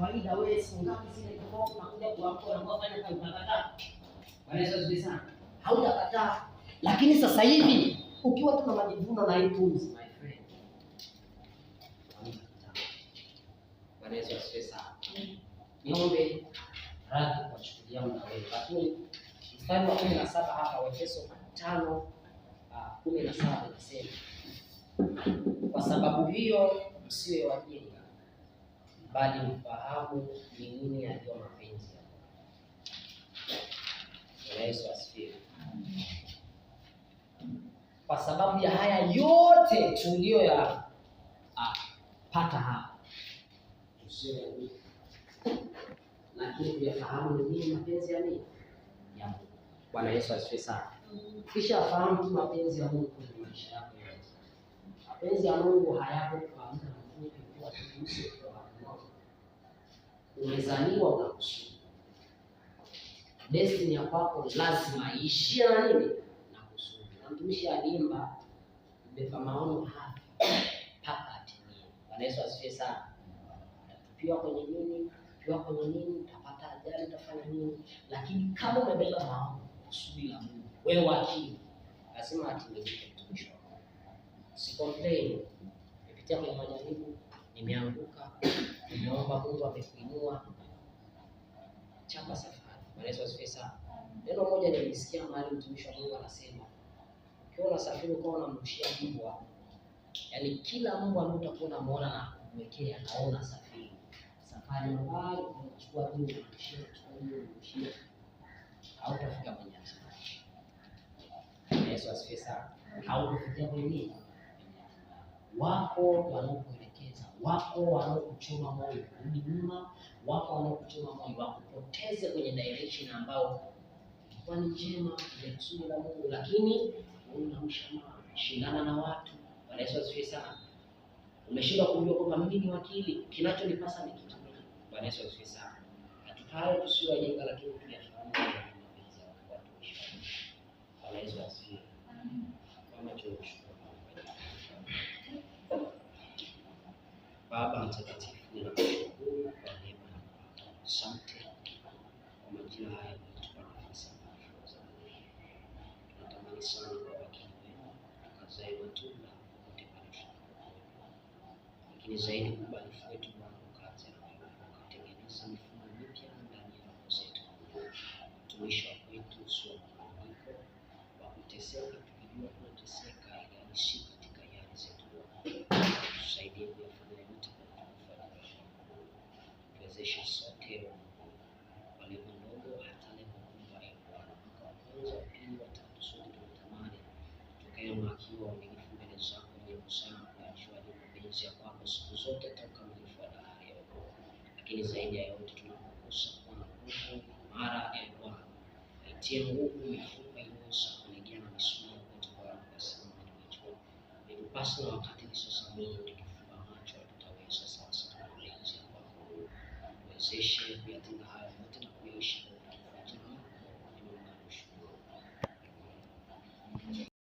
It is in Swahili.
kawaida wewe ngapi zile unakuja na sana. Lakini sasa hivi ukiwa tuna majivuno na itunzi Yesu asifiwe sana. Niombe radhi kwa shughuli yangu na wewe. Lakini mstari wa 17 hapa 5 ah, inasema kwa sababu hiyo msiwe wajinga bali mfahamu ni nini yaliyo mapenzi ya Mungu. Bwana Yesu asifiwe. Kwa sababu ya haya yote ya ah, pata hapa, lakini kuyafahamu ni nini mapenzi ya nini ya Mungu. Bwana Yesu asifiwe sana. Kisha fahamu tu mapenzi ya Mungu kwenye maisha yako yote. Mapenzi ya Mungu hayapo kwa muda mfupi, kwa umezaliwa kusudi. Destiny ya kwako lazima iishie na nini? Na kusudi. Na mtumishi alimba mbeba maono hapa mpaka atimie. Bwana Yesu asifiwe sana. Utatupiwa kwenye nini? Utatupiwa kwenye nini? Utapata ajali, utafanya nini? Lakini kama umebeba maono, kusudi la Mungu, wewe wakili, lazima atimilike. Mtumishi wako, si complain, Nipitia kwenye majaribu nimeanguka, nimeomba Mungu amekuinua, chapa safari. Bwana Yesu asifiwe sana. Neno moja nilisikia mahali mtumishi wa Mungu anasema, ukiwa unasafiri ukawa unamrushia mbwa, yaani kila mbwa ambaye utakuwa unamuona na kumwekea anaona safari safari mbali, unachukua hiyo unamrushia, unachukua juu, unamrushia, hautafika kwenye hatimishi. Bwana Yesu asifiwe sana. Hautafikia kwenye Wako wanaokuelekea Wako wanaokuchoma moyo kurudi nyuma, wako wanaokuchoma moyo wakupoteze kwenye direction ambao ilikuwa ni njema ya kusudi la Mungu, lakini unashindana na watu. Bwana Yesu asifiwe sana. Umeshindwa kujua kwamba mimi ni wakili, kinachonipasa ni kitu gani? Bwana Yesu asifiwe sana. Hatukae tusiwe wajenga, lakini tuyafahamu Baba Mtakatifu, ninakushukuru kwa neema na baraka. Asante kwa majira haya umetupa nafasi ya kujifunza. Tunatamani sana kwa wakili wenu tukazae matunda kote pale, lakini zaidi ubarifu wetu Bwana kazi na wewe ukatengeneza mifumo mipya ndani ya roho zetu. Mtumishi sana kuyajua mapenzi ya kwako siku zote toka mlifu wa dahari ya wokovu. Lakini zaidi ya yote tunakugusa kuwa na nguvu imara ya Bwana, itie nguvu mifupa iliyosa kulegea na misuli kote kwaakasamaawetu ikupasi na wakati lisosamini tukifunga macho tutaweza sasa tuna mapenzi ya kwako, tuwezeshe kuyatenda haya yote na kuyaishi